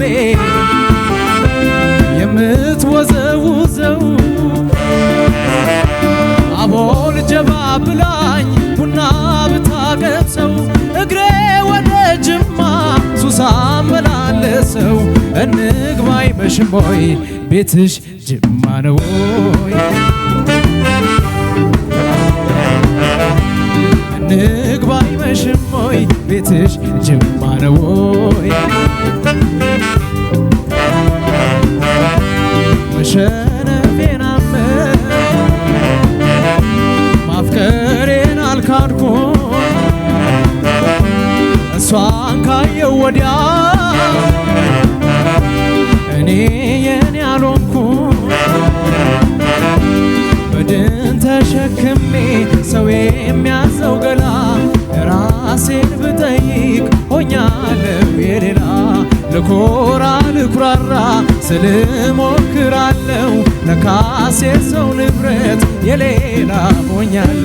ልቤ የምትወዘውዘው አቦል ጀባ ብላኝ ቡና ብታገብሰው እግሬ ወደ ጅማ ሱሳ መላለሰው እንግባይ መሽሞይ ቤትሽ ጅማ ነው ንግባይ መሽሞይ ቤትሽ ጅማ ነው መሸነፌን አመን ማፍቀሬን አልካድኩ እሷን ካየው ወዲያ እኔ የኔ አልሆንኩ በድን ተሸክሜ ሰው የሚያዘው ገላ ራሴን ብጠይቅ ሆኛለሁ የሌላ ልኮራ ልኩራራ ስልሞክራለው ለካሴ የሰው ንብረት የሌላ ሆኛል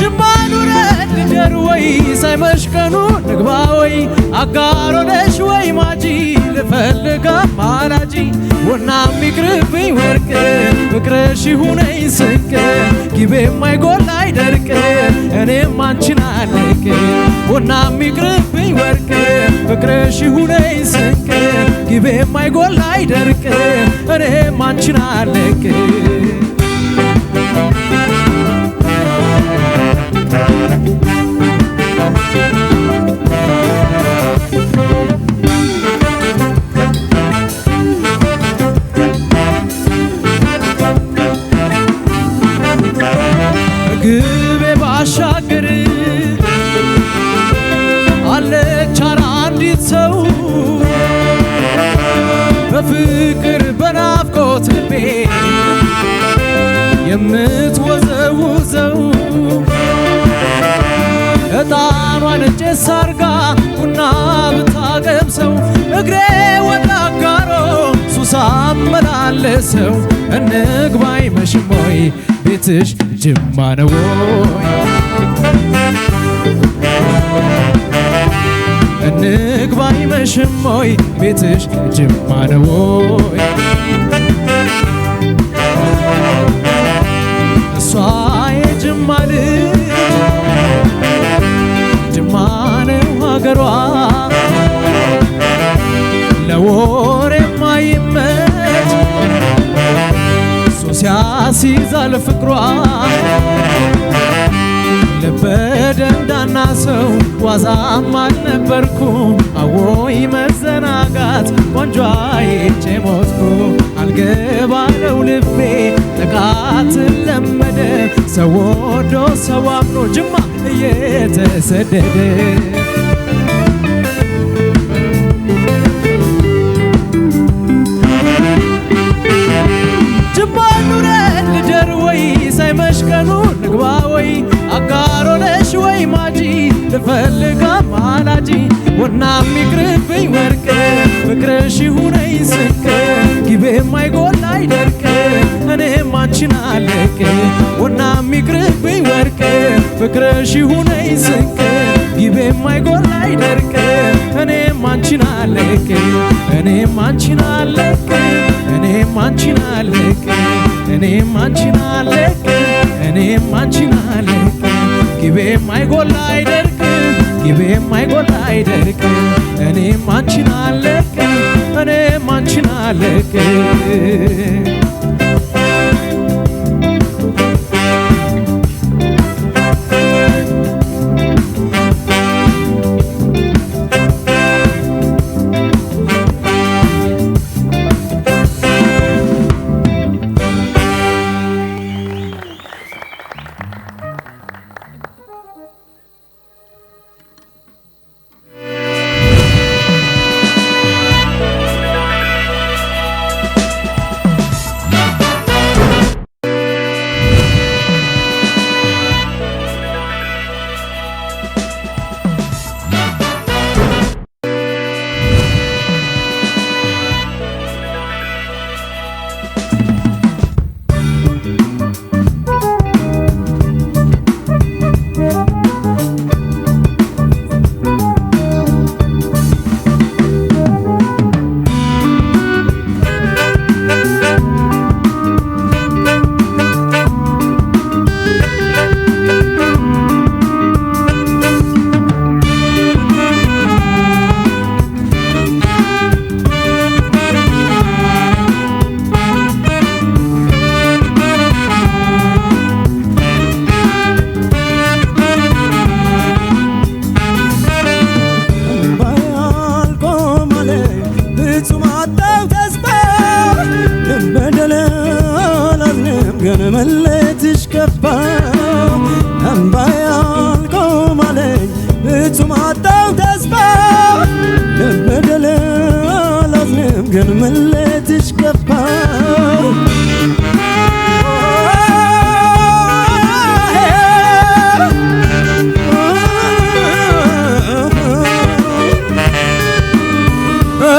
ጅማኑ ረድ ደር ወይ ሳይመሽቀኑ ንግባ ወይ አጋሮ ነሽ ወይ ማጂ ልፈልጋ ማላጂ ቡና ሚቅርብኝ ወርቅ ፍቅርሽ ሁነኝ ስንቅ ጊቤ ማይጎላ ሳይደርቅ እኔም አንቺን አልቅ ቡናም ይቅርብኝ ወርቅ ፍቅርሽ ይሁነኝ ስንቅ ጊቤ ማይጎል አይደርቅ እኔም አንቺን አልቅ ፍቅር በናፍቆት ልቤ የምትወዘውዘው ዕጣኗን ጭስ አርጋ ቡና ብታቀምሰው እግሬ ወደ አጋሮ ሱሳ መላለሰው እንግባይ መሽሞይ ቤትሽ ጅማ ነው ወይ አይደለሽም ሆይ ቤትሽ ጅማ ነው ወይ እሷ የጅማ ልጅ ጅማ ነው ሀገሯ ለወሬ ማይመች ሱስ ያስይዛል ፍቅሯ ልበ ደንዳና ሰው ዋዛም አልነበርኩ አዎይ መዘናጋት ቆንጆ አይቼ ሞትኩ አልገባለው ልቤ ጥቃት ለመደ ሰው ወዶ ሰው አምኖ ጅማ እየተሰደደ ግርማ ኑረን ልደር ወይ ሳይመሽ ንግባ ወይ ወይ ማጂ ልፈልግ አማላጂ ወና ይቅርብኝ ወርቅ ፍቅርሽ ይሁነኝ ስንቅ ጊቤም አይጎል አይደርቅ እኔም አንቺን አለቅ ወናም ወርቅ ፍቅርሽ ይቤ የማይጎላ አይደርቅም እኔም አንቺን አለቅም እኔም አንቺን አለቅም እኔም አንቺን አለቅም እኔም አንቺን አለቅም እኔም አንቺን አለቅም ይቤ የማይጎላ አይደርቅም ይቤ የማይጎላ አይደርቅም እኔም አንቺን አለቅም እኔም አንቺን አለቅም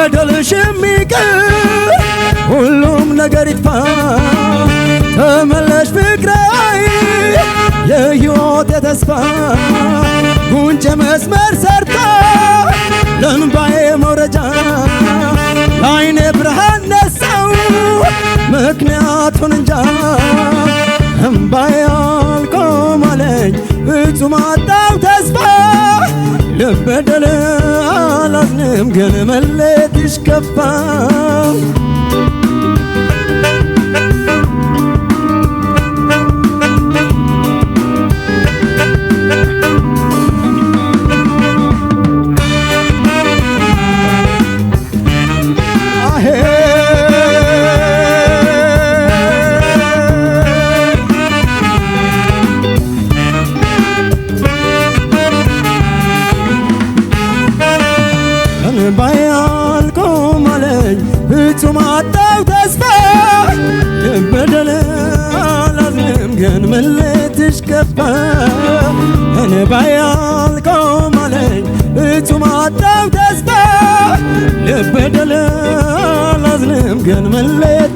በደልሽ የሚቅር ሁሉም ነገር ይጥፋ ተመለሽ ፍቅራይ የሕይወት የተስፋ ጉንጭ መስመር ሰርታ ለእንባዬ መውረጃ ለዓይኔ ብርሃን ነሳው ምክንያቱን እንጃ እምባዬ አልቆም ፍጹም አጣው ተስፋ ልበደል አላምንም ግን መለየትሽ ከፋ ተስፋዬ አለኝ ፍጹም ተስፋ ልበደለ አላዝንም ግን ምሌት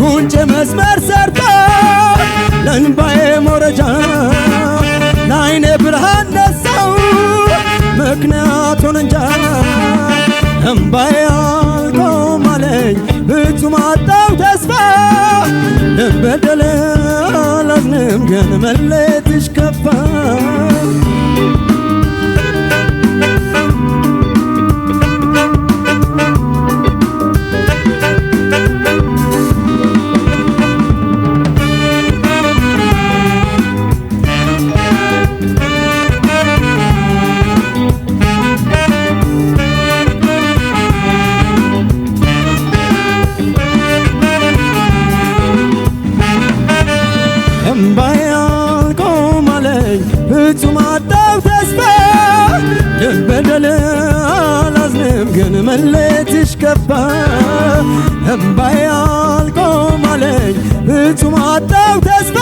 ጉንጭ መስመር ሰርታ ለእንባዬ መውረጃ ለአይኔ ብርሃን ነሳው ምክንያት ሆነ እንጃ እምባዬ አልቆም አለኝ ፍጹም አጣው ተስፋ ልበደለ አላዝንም ግን መለየትሽ ከፋ ገባ እምባዬ አልቆም አለኝ ፍጹም አጣሁ ተስፋ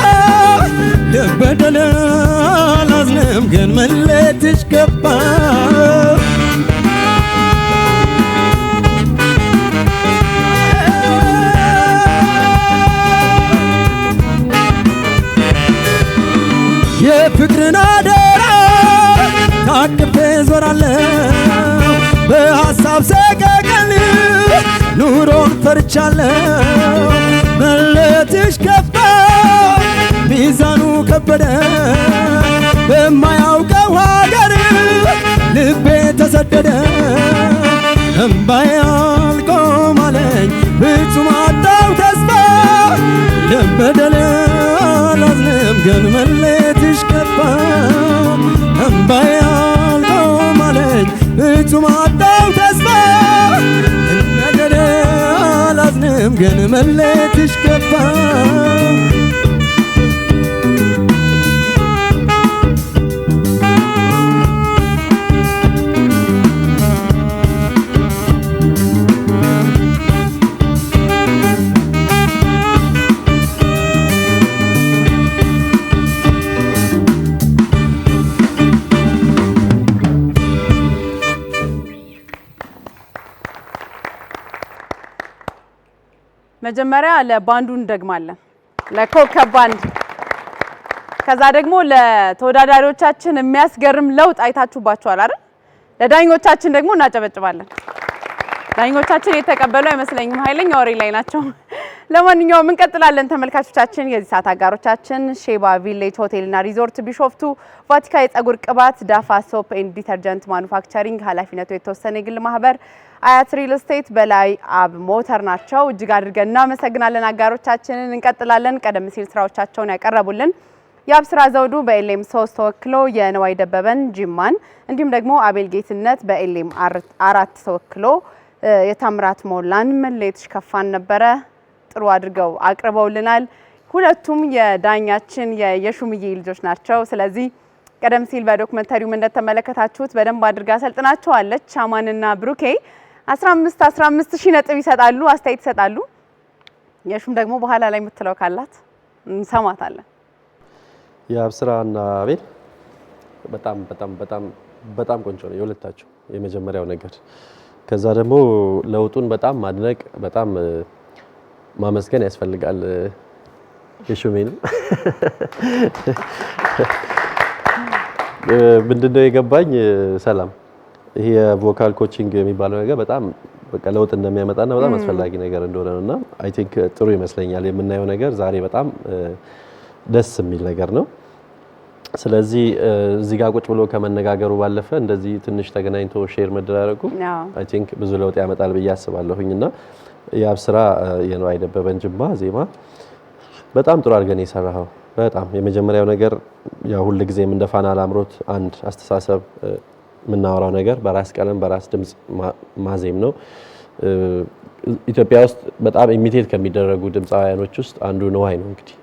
ልበደል አላዝንም ግን መለትሽ ገባ የፍቅርን አደራ ታቅፌ ዞራለ ፈርቻለሁ መለትሽ ከፋ ሚዛኑ ከበደ በማያውቀው ሀገር ልቤ ተሰደደ እምባዬ አልቆ ማለኝ ፍጹም አጣው ተስፋ ለበደ ግን መለትሽ ገባ መጀመሪያ ለባንዱ እንደግማለን፣ ለኮከብ ባንድ። ከዛ ደግሞ ለተወዳዳሪዎቻችን የሚያስገርም ለውጥ አይታችሁባችኋል አይደል? ለዳኞቻችን ደግሞ እናጨበጭባለን። ዳኞቻችን የተቀበሉ አይመስለኝም፣ ኃይለኛ ወሬ ላይ ናቸው። ለማንኛውም እንቀጥላለን ተመልካቾቻችን። የዚህ ሰዓት አጋሮቻችን ሼባ ቪሌጅ ሆቴልና ሪዞርት ቢሾፍቱ፣ ቫቲካ የጸጉር ቅባት፣ ዳፋ ሶፕ ኤንድ ዲተርጀንት ማኑፋክቸሪንግ ኃላፊነቱ የተወሰነ የግል ማህበር፣ አያት ሪል ስቴት፣ በላይ አብ ሞተር ናቸው። እጅግ አድርገን እናመሰግናለን አጋሮቻችንን። እንቀጥላለን። ቀደም ሲል ስራዎቻቸውን ያቀረቡልን የአብስራ ዘውዱ በኤልኤም 3 ተወክሎ የንዋይ ደበበን ጅማን እንዲሁም ደግሞ አቤል ጌትነት በኤልኤም አራት ተወክሎ የታምራት ሞላን መለየትሽ ከፋን ነበረ ጥሩ አድርገው አቅርበውልናል። ሁለቱም የዳኛችን የሹምዬ ልጆች ናቸው። ስለዚህ ቀደም ሲል በዶክመንተሪውም እንደተመለከታችሁት በደንብ አድርጋ ሰልጥናቸዋለች። ሻማንና ብሩኬ 15 15 ሺህ ነጥብ ይሰጣሉ፣ አስተያየት ይሰጣሉ። የሹም ደግሞ በኋላ ላይ የምትለው ካላት እንሰማታለን። የአብስራና አቤል በጣም በጣም በጣም በጣም ቆንጆ ነው የሁለታቸው የመጀመሪያው ነገር ከዛ ደግሞ ለውጡን በጣም ማድነቅ በጣም ማመስገን ያስፈልጋል። የሹሜን ምንድነው የገባኝ ሰላም ይሄ የቮካል ኮቺንግ የሚባለው ነገር በጣም በቃ ለውጥ እንደሚያመጣና በጣም አስፈላጊ ነገር እንደሆነ ነውና አይ ቲንክ ጥሩ ይመስለኛል። የምናየው ነገር ዛሬ በጣም ደስ የሚል ነገር ነው። ስለዚህ እዚህ ጋር ቁጭ ብሎ ከመነጋገሩ ባለፈ እንደዚህ ትንሽ ተገናኝቶ ሼር መደራረጉ አይ ቲንክ ብዙ ለውጥ ያመጣል ብዬ አስባለሁኝ እና የአብስራ የነዋይ ደበበን ጅማ ዜማ በጣም ጥሩ አድርገን የሰራኸው በጣም የመጀመሪያው ነገር ያው ሁል ጊዜም እንደ ፋና ላምሮት አንድ አስተሳሰብ የምናወራው ነገር በራስ ቀለም በራስ ድምፅ ማዜም ነው። ኢትዮጵያ ውስጥ በጣም ኢሚቴት ከሚደረጉ ድምፃውያኖች ውስጥ አንዱ ነዋይ ነው። እንግዲህ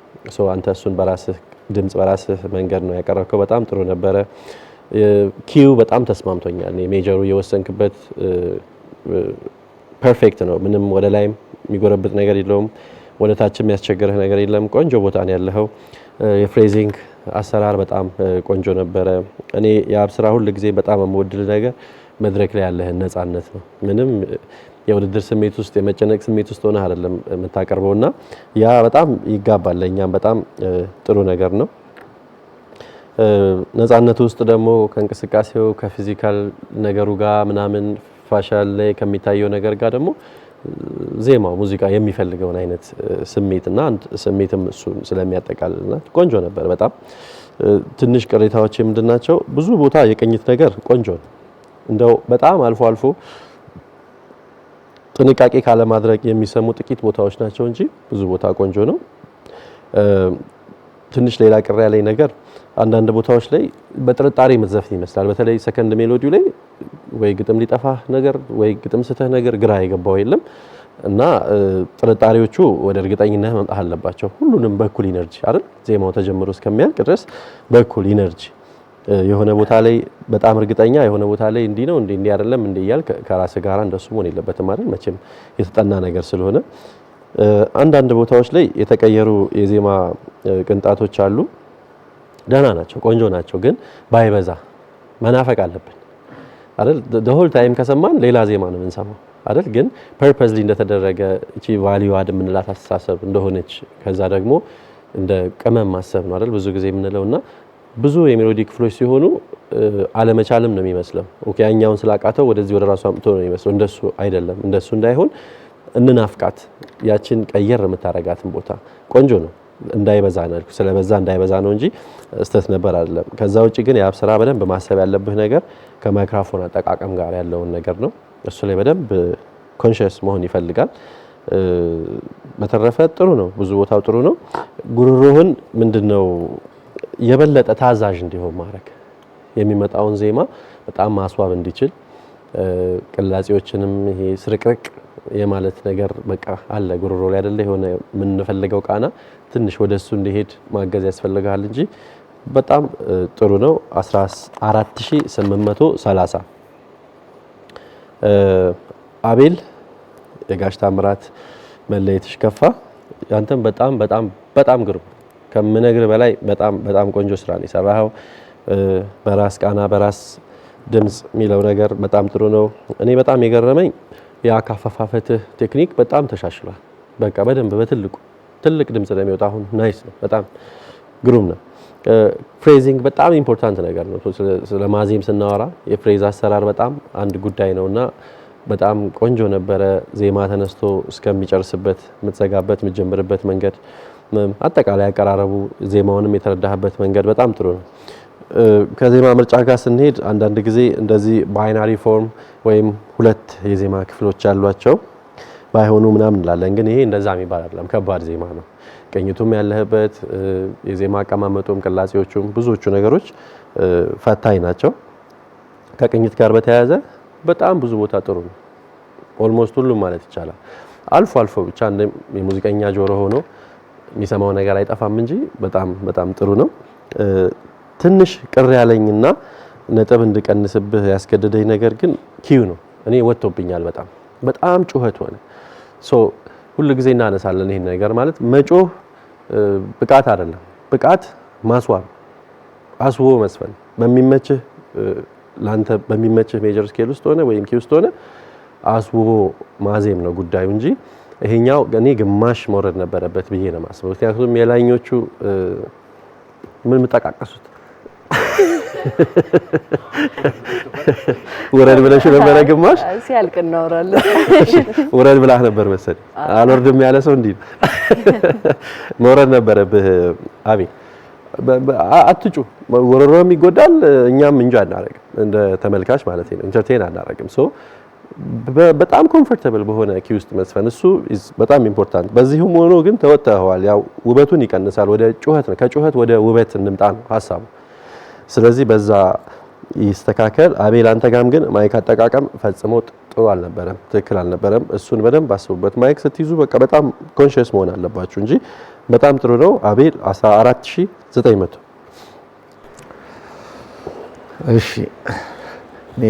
አንተ እሱን በራስህ ድምፅ በራስህ መንገድ ነው ያቀረብከው። በጣም ጥሩ ነበረ። ኪዩ በጣም ተስማምቶኛል። ሜጀሩ የወሰንክበት ፐርፌክት ነው። ምንም ወደ ላይም የሚጎረብጥ ነገር የለውም፣ ወደ ታችም የሚያስቸግርህ ነገር የለም። ቆንጆ ቦታ ነው ያለኸው። የፍሬዚንግ አሰራር በጣም ቆንጆ ነበረ። እኔ የአብስራ ሁል ጊዜ በጣም የምወድል ነገር መድረክ ላይ ያለህን ነጻነት ነው ምንም የውድድር ስሜት ውስጥ የመጨነቅ ስሜት ውስጥ ሆነ አይደለም የምታቀርበው እና ያ በጣም ይጋባል። ለእኛም በጣም ጥሩ ነገር ነው። ነፃነት ውስጥ ደግሞ ከእንቅስቃሴው ከፊዚካል ነገሩ ጋር ምናምን ፋሻል ላይ ከሚታየው ነገር ጋር ደግሞ ዜማው ሙዚቃ የሚፈልገውን አይነት ስሜትና አንድ ስሜትም እሱ ስለሚያጠቃልልና ቆንጆ ነበር። በጣም ትንሽ ቅሬታዎች የምንድናቸው ብዙ ቦታ የቅኝት ነገር ቆንጆ ነው። እንደው በጣም አልፎ አልፎ ጥንቃቄ ካለማድረግ የሚሰሙ ጥቂት ቦታዎች ናቸው እንጂ ብዙ ቦታ ቆንጆ ነው። ትንሽ ሌላ ቅር ያለኝ ነገር አንዳንድ ቦታዎች ላይ በጥርጣሬ መዘፍን ይመስላል። በተለይ ሰከንድ ሜሎዲው ላይ ወይ ግጥም ሊጠፋ ነገር ወይ ግጥም ስተህ ነገር ግራ የገባው የለም እና ጥርጣሬዎቹ ወደ እርግጠኝነት መምጣት አለባቸው። ሁሉንም በኩል ኢነርጂ አይደል ዜማው ተጀምሮ እስከሚያልቅ ድረስ በኩል ኢነርጂ የሆነ ቦታ ላይ በጣም እርግጠኛ የሆነ ቦታ ላይ እንዲህ ነው እንዲህ እንዲህ አይደለም እንዲህ እያል ከራስ ጋር እንደሱ መሆን የለበትም አይደል? መቼም የተጠና ነገር ስለሆነ አንዳንድ ቦታዎች ላይ የተቀየሩ የዜማ ቅንጣቶች አሉ። ደህና ናቸው፣ ቆንጆ ናቸው። ግን ባይበዛ መናፈቅ አለብን አይደል? ሆል ታይም ከሰማን ሌላ ዜማ ነው የምንሰማው አይደል? ግን ፐርፐዝሊ እንደተደረገ እቺ ቫልዩ አድ የምንላት አስተሳሰብ እንደሆነች ከዛ ደግሞ እንደ ቅመም ማሰብ ነው አይደል? ብዙ ጊዜ የምንለው እና ብዙ የሜሎዲ ክፍሎች ሲሆኑ አለመቻልም ነው የሚመስለው። ኦኬ ያኛውን ስላቃተው ወደዚህ ወደ ራሱ አምጥቶ ነው የሚመስለው። እንደሱ አይደለም። እንደሱ እንዳይሆን እንናፍቃት፣ ያችን ቀየር የምታረጋትን ቦታ ቆንጆ ነው እንዳይበዛ ነው ስለበዛ እንዳይበዛ ነው እንጂ ስተት ነበር አይደለም። ከዛ ውጭ ግን የአብ ስራ በደንብ ማሰብ ያለብህ ነገር ከማይክራፎን አጠቃቀም ጋር ያለውን ነገር ነው። እሱ ላይ በደንብ ኮንሽስ መሆን ይፈልጋል። በተረፈ ጥሩ ነው፣ ብዙ ቦታው ጥሩ ነው። ጉሮሮህን ምንድነው የበለጠ ታዛዥ እንዲሆን ማድረግ የሚመጣውን ዜማ በጣም ማስዋብ እንዲችል ቅላጼዎችንም ይሄ ስርቅርቅ የማለት ነገር በቃ አለ ጉሮሮ ላይ አይደለ የሆነ የምንፈልገው ቃና ትንሽ ወደ እሱ እንዲሄድ ማገዝ ያስፈልጋል እንጂ በጣም ጥሩ ነው። 14830 አቤል የጋሽ ታምራት መለየትሽ ከፋ ያንተም በጣም በጣም በጣም ግሩም ከምነግር በላይ በጣም በጣም ቆንጆ ስራ ነው የሰራኸው። በራስ ቃና በራስ ድምፅ የሚለው ነገር በጣም ጥሩ ነው። እኔ በጣም የገረመኝ የአካፋፋፈትህ ቴክኒክ በጣም ተሻሽሏል። በቃ በደንብ በትልቁ ትልቅ ድምፅ ነው የሚወጣ። አሁን ናይስ ነው፣ በጣም ግሩም ነው። ፍሬዚንግ በጣም ኢምፖርታንት ነገር ነው። ስለማዜም ስናወራ የፍሬዝ አሰራር በጣም አንድ ጉዳይ ነው እና በጣም ቆንጆ ነበረ። ዜማ ተነስቶ እስከሚጨርስበት የምትዘጋበት የምትጀምርበት መንገድ አጠቃላይ አቀራረቡ ዜማውንም የተረዳህበት መንገድ በጣም ጥሩ ነው። ከዜማ ምርጫ ጋር ስንሄድ አንዳንድ ጊዜ እንደዚህ ባይናሪ ፎርም ወይም ሁለት የዜማ ክፍሎች ያሏቸው ባይሆኑ ምናምን እንላለን። ግን ይሄ እንደዛ የሚባል አይደለም። ከባድ ዜማ ነው። ቅኝቱም ያለህበት የዜማ አቀማመጡም፣ ቅላጼዎቹም ብዙዎቹ ነገሮች ፈታኝ ናቸው። ከቅኝት ጋር በተያያዘ በጣም ብዙ ቦታ ጥሩ ነው። ኦልሞስት ሁሉም ማለት ይቻላል። አልፎ አልፎ ብቻ የሙዚቀኛ ጆሮ ሆኖ የሚሰማው ነገር አይጠፋም እንጂ በጣም በጣም ጥሩ ነው። ትንሽ ቅር ያለኝና ነጥብ እንድቀንስብህ ያስገደደኝ ነገር ግን ኪዩ ነው። እኔ ወጥቶብኛል። በጣም በጣም ጩኸት ሆነ። ሶ ሁሉ ጊዜ እናነሳለን ይሄን ነገር ማለት መጮህ ብቃት አይደለም። ብቃት ማስዋብ፣ አስውቦ መስፈን በሚመችህ ላንተ በሚመችህ ሜጀር ስኬል ውስጥ ሆነ ወይም ኪ ውስጥ ሆነ አስውቦ ማዜም ነው ጉዳዩ እንጂ ይሄኛው እኔ ግማሽ መውረድ ነበረበት ብዬ ነው የማስበው። ምክንያቱም የላይኞቹ ምን የምጠቃቀሱት ውረድ ብለሽ ነበረ። ግማሽ ሲያልቅ እናወራለን። ውረድ ብላህ ነበር መሰል። አልወርድም ያለ ሰው እንዲህ መውረድ ነበረብህ። አቤ አትጩ ወረሮም ይጎዳል። እኛም እንጂ አናረግም፣ እንደ ተመልካች ማለት ነው። ኢንተርቴን አናረግም ሶ በጣም ኮምፎርታብል በሆነ ኪ ውስጥ መዝፈን እሱ በጣም ኢምፖርታንት። በዚህም ሆኖ ግን ተወጥተዋል። ያው ውበቱን ይቀንሳል። ወደ ጩኸት ነው። ከጩኸት ወደ ውበት እንምጣ ነው ሀሳቡ። ስለዚህ በዛ ይስተካከል። አቤል አንተ ጋም ግን ማይክ አጠቃቀም ፈጽሞ ጥሩ አልነበረም፣ ትክክል አልነበረም። እሱን በደንብ አስቡበት። ማይክ ስትይዙ በቃ በጣም ኮንሽስ መሆን አለባችሁ እንጂ በጣም ጥሩ ነው። አቤል 14900 እሺ እኔ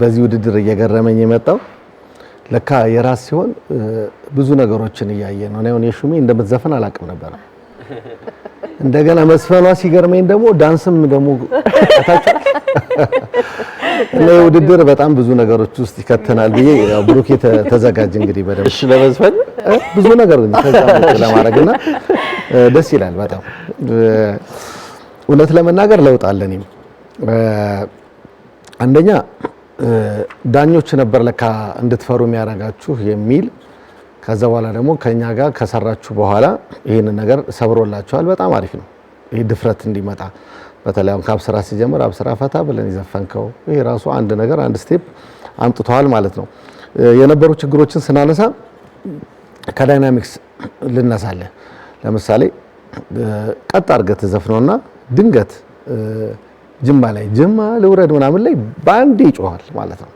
በዚህ ውድድር እየገረመኝ የመጣው ለካ የራስ ሲሆን ብዙ ነገሮችን እያየ ነው። አሁን የሹሜ እንደምትዘፈን አላውቅም ነበር። እንደገና መስፈኗ ሲገርመኝ ደግሞ ዳንስም ደግሞ እና ውድድር በጣም ብዙ ነገሮች ውስጥ ይከተናል ብዬ ብሩኬ ተዘጋጅ እንግዲህ በደምብ እሺ፣ ለመዝፈን ብዙ ነገር ለማድረግና ደስ ይላል በጣም እውነት ለመናገር ለውጥ አለ እኔም አንደኛ ዳኞች ነበር ለካ እንድትፈሩ የሚያደርጋችሁ የሚል ከዛ በኋላ ደግሞ ከኛ ጋር ከሰራችሁ በኋላ ይህንን ነገር ሰብሮላችኋል። በጣም አሪፍ ነው። ይህ ድፍረት እንዲመጣ በተለይ አሁን ከአብስራ ሲጀምር አብስራ ፈታ ብለን የዘፈንከው ይሄ ራሱ አንድ ነገር አንድ ስቴፕ አምጥተዋል ማለት ነው። የነበሩ ችግሮችን ስናነሳ ከዳይናሚክስ ልነሳለን። ለምሳሌ ቀጥ አድርገህ ትዘፍነውና ድንገት ጅማ ላይ ጅማ ልውረድ ምናምን ላይ በአንዴ ይጮኋል ማለት ነው።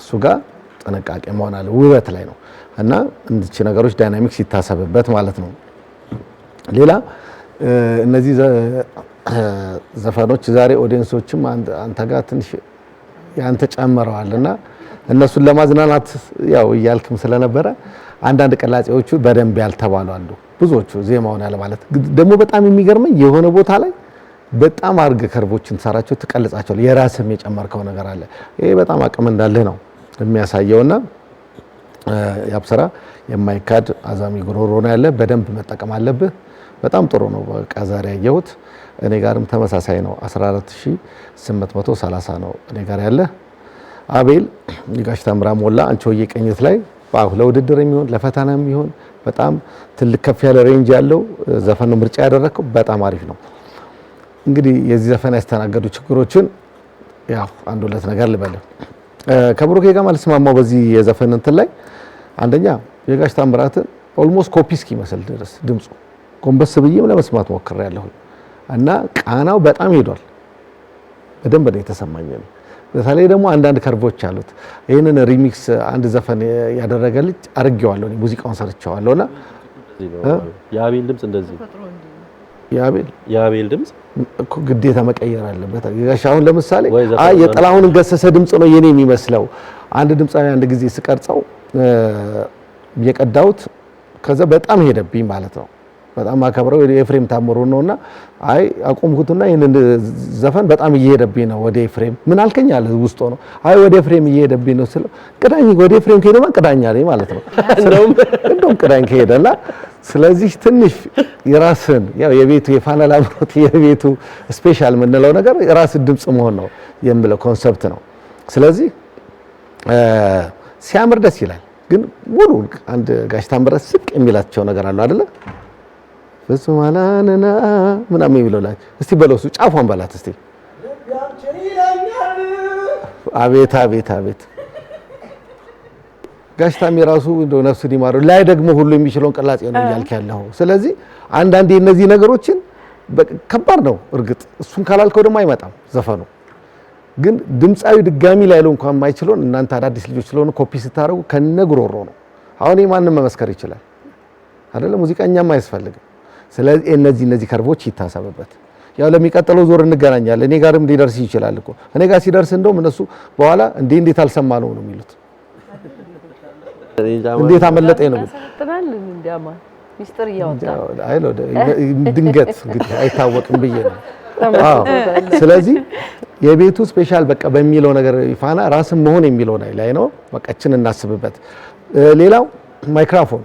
እሱ ጋር ጥንቃቄ መሆን አለ። ውበት ላይ ነው እና እንቺ ነገሮች ዳይናሚክስ ይታሰብበት ማለት ነው። ሌላ እነዚህ ዘፈኖች ዛሬ ኦዲየንሶችም አንተ ጋር ትንሽ ያንተ ጨምረዋል እና እነሱን ለማዝናናት ያው እያልክም ስለነበረ አንዳንድ ቅላጼዎቹ በደንብ ያልተባሉ አሉ። ብዙዎቹ ዜማውን ያለ ማለት ደግሞ በጣም የሚገርመኝ የሆነ ቦታ ላይ በጣም አርገ ከርቦችን ሰራቸው ትቀልጻቸዋለህ። የራስም የጨመርከው ነገር አለ። ይሄ በጣም አቅም እንዳለህ ነው የሚያሳየውና የአፕሰራ የማይካድ አዛሚ ጉሮሮ ነው ያለ። በደንብ መጠቀም አለብህ። በጣም ጥሩ ነው። በቃ ዛሬ ያየሁት እኔ ጋርም ተመሳሳይ ነው። 14830 ነው እኔ ጋር ያለ። አቤል የጋሽ ታምራ ሞላ አንቺሆዬ ቅኝት ላይ ለውድድር የሚሆን ለፈተና የሚሆን በጣም ትልቅ ከፍ ያለ ሬንጅ ያለው ዘፈን ምርጫ ያደረግከው። በጣም አሪፍ ነው። እንግዲህ የዚህ ዘፈን ያስተናገዱ ችግሮችን ያው አንድ ሁለት ነገር ልበልን። ከብሩኬ ጋር ማልስማማው በዚህ የዘፈን እንትን ላይ አንደኛ የጋሽ ታምራትን ኦልሞስት ኮፒ እስኪመስል ድረስ ድምፁ ጎንበስ ብዬም ለመስማት ሞክሬ ያለሁ እና ቃናው በጣም ሄዷል። በደንብ ነው የተሰማኝ። በተለይ ደግሞ አንዳንድ ከርቮች አሉት። ይህንን ሪሚክስ አንድ ዘፈን ያደረገ ልጅ አርጌዋለሁ፣ ሙዚቃውን ሰርቸዋለሁ እና የአቤል ድምፅ እንደዚህ የአቤል የአቤል ድምጽ እኮ ግዴታ መቀየር አለበት። ጋሽ አሁን ለምሳሌ አይ የጥላሁን ገሰሰ ድምጽ ነው የኔ የሚመስለው። አንድ ድምጻዊ አንድ ጊዜ ስቀርጸው የቀዳሁት ከዛ በጣም ሄደብኝ ማለት ነው። በጣም አከብረው የኤፍሬም ታምሩ ነውና አይ አቆምኩትና ይሄን ዘፈን በጣም እየሄደብኝ ነው ወደ ኤፍሬም ምን አልከኝ አለ ውስጥ ነው አይ ወደ ኤፍሬም እየሄደብኝ ነው ስለ ቅዳኝ ወደ ኤፍሬም ከሄደማ ቅዳኝ አለኝ ማለት ነው። እንደውም ቅዳኝ ከሄደና ስለዚህ ትንሽ የራስን ያው የቤቱ የፋና ላምሮት የቤቱ ስፔሻል የምንለው ነገር የራስ ድምጽ መሆን ነው የምለው ኮንሰፕት ነው። ስለዚህ ሲያምር ደስ ይላል። ግን ሙሉ አንድ ጋሽ ታምራት ስቅ የሚላቸው ነገር አለ አይደለ? ፍጹም አላንና ምናምን የሚለው ላይ እስቲ በለውሱ ጫፏን በላት እስቲ አቤት አቤት አቤት ጋሽታም የራሱ እንደው ነፍስ ዲማሩ ላይ ደግሞ ሁሉ የሚችለውን ቅላጼ ነው እያልክ ያለው። ስለዚህ አንዳንዴ የነዚህ ነገሮችን ከባድ ነው እርግጥ፣ እሱን ካላልከው ደግሞ አይመጣም ዘፈኑ። ግን ድምፃዊ ድጋሚ ላይ ያለው እንኳን የማይችለውን እናንተ አዳዲስ ልጆች ስለሆነ ኮፒ ስታደርጉ ከነ ጉሮሮ ነው። አሁን ማንም መመስከር ይችላል አይደለ? ሙዚቀኛም አያስፈልግም። ስለዚህ እነዚህ እነዚህ ከርቦች ይታሰብበት። ያው ለሚቀጥለው ዞር እንገናኛለን። እኔ ጋርም ሊደርስ ይችላል እኮ እኔ ጋር ሲደርስ እንደውም እነሱ በኋላ እንዴ እንዴት አልሰማ ነው ነው የሚሉት እንዴት አመለጠ ነው ድንገት እንግዲህ አይታወቅም ብዬ ነው። ስለዚህ የቤቱ ስፔሻል በቃ በሚለው ነገር ፋና ራስን መሆን የሚለው ላይ ነው። በቃ እችን እናስብበት። ሌላው ማይክራፎን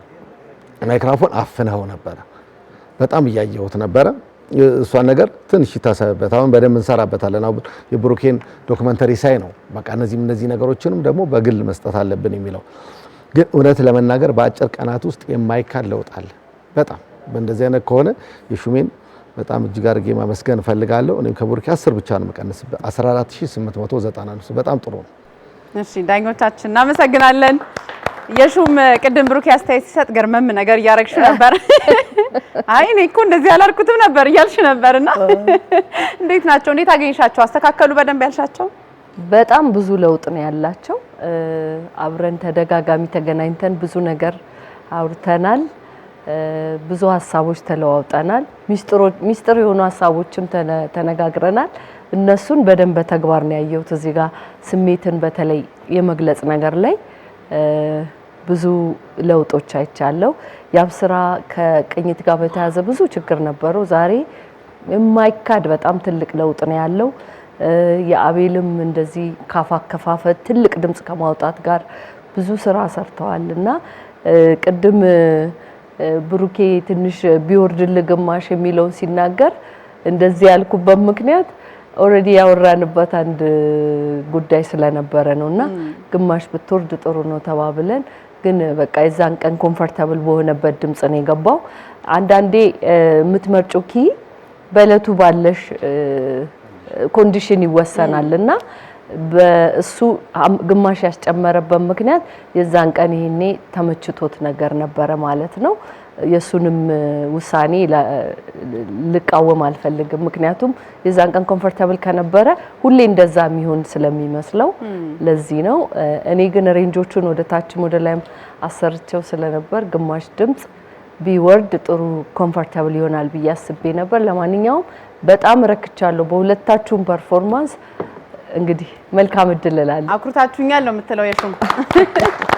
ማይክራፎን አፍነኸው ነበረ። በጣም እያየሁት ነበረ። እሷን ነገር ትንሽ ይታሰብበት። አሁን በደንብ እንሰራበታለን። አሁን የብሩኬን ዶክመንተሪ ሳይ ነው በቃ እነዚህም እነዚህ ነገሮችንም ደግሞ በግል መስጠት አለብን የሚለው ግን እውነት ለመናገር በአጭር ቀናት ውስጥ የማይካል ለውጥ አለ። በጣም በእንደዚህ አይነት ከሆነ የሹሜን በጣም እጅግ አድርጌ ማመስገን እፈልጋለሁ። እኔም ከቡርኪ አስር ብቻ ነው የምቀንስበት 14890 በጣም ጥሩ ነው። እሺ ዳኞቻችን እናመሰግናለን። የሹም ቅድም ብሩክ አስተያየት ሲሰጥ ገርመም ነገር እያረግሽ ነበር። አይ እኔ እኮ እንደዚህ ያላልኩትም ነበር እያልሽ ነበርና እንዴት ናቸው? እንዴት አገኘሻቸው? አስተካከሉ በደንብ ያልሻቸው? በጣም ብዙ ለውጥ ነው ያላቸው አብረን ተደጋጋሚ ተገናኝተን ብዙ ነገር አውርተናል። ብዙ ሀሳቦች ተለዋውጠናል። ሚስጥር የሆኑ ሀሳቦችም ተነጋግረናል። እነሱን በደንብ በተግባር ነው ያየሁት። እዚህ ጋር ስሜትን በተለይ የመግለጽ ነገር ላይ ብዙ ለውጦች አይቻለሁ። ያብ ስራ ከቅኝት ጋር በተያያዘ ብዙ ችግር ነበረው። ዛሬ የማይካድ በጣም ትልቅ ለውጥ ነው ያለው። የአቤልም እንደዚህ ካፍ አከፋፈት ትልቅ ድምፅ ከማውጣት ጋር ብዙ ስራ ሰርተዋል እና ቅድም ብሩኬ ትንሽ ቢወርድል ግማሽ የሚለውን ሲናገር እንደዚህ ያልኩበት ምክንያት ኦልሬዲ ያወራንበት አንድ ጉዳይ ስለነበረ ነው እና ግማሽ ብትወርድ ጥሩ ነው ተባብለን ግን በቃ የዛን ቀን ኮምፈርታብል በሆነበት ድምፅ ነው የገባው። አንዳንዴ የምትመርጩ ኪ በእለቱ ባለሽ ኮንዲሽን ይወሰናል እና በእሱ ግማሽ ያስጨመረበት ምክንያት የዛን ቀን ይሄኔ ተመችቶት ነገር ነበረ ማለት ነው። የእሱንም ውሳኔ ልቃወም አልፈልግም። ምክንያቱም የዛን ቀን ኮምፎርታብል ከነበረ ሁሌ እንደዛ የሚሆን ስለሚመስለው ለዚህ ነው። እኔ ግን ሬንጆቹን ወደ ታችም ወደ ላይም አሰርቸው ስለነበር ግማሽ ድምፅ ቢወርድ ጥሩ ኮምፎርታብል ይሆናል ብዬ አስቤ ነበር። ለማንኛውም በጣም ረክቻለሁ በሁለታችሁም ፐርፎርማንስ። እንግዲህ መልካም እድል እላለሁ። አኩርታችሁኛል ነው የምትለው የሹም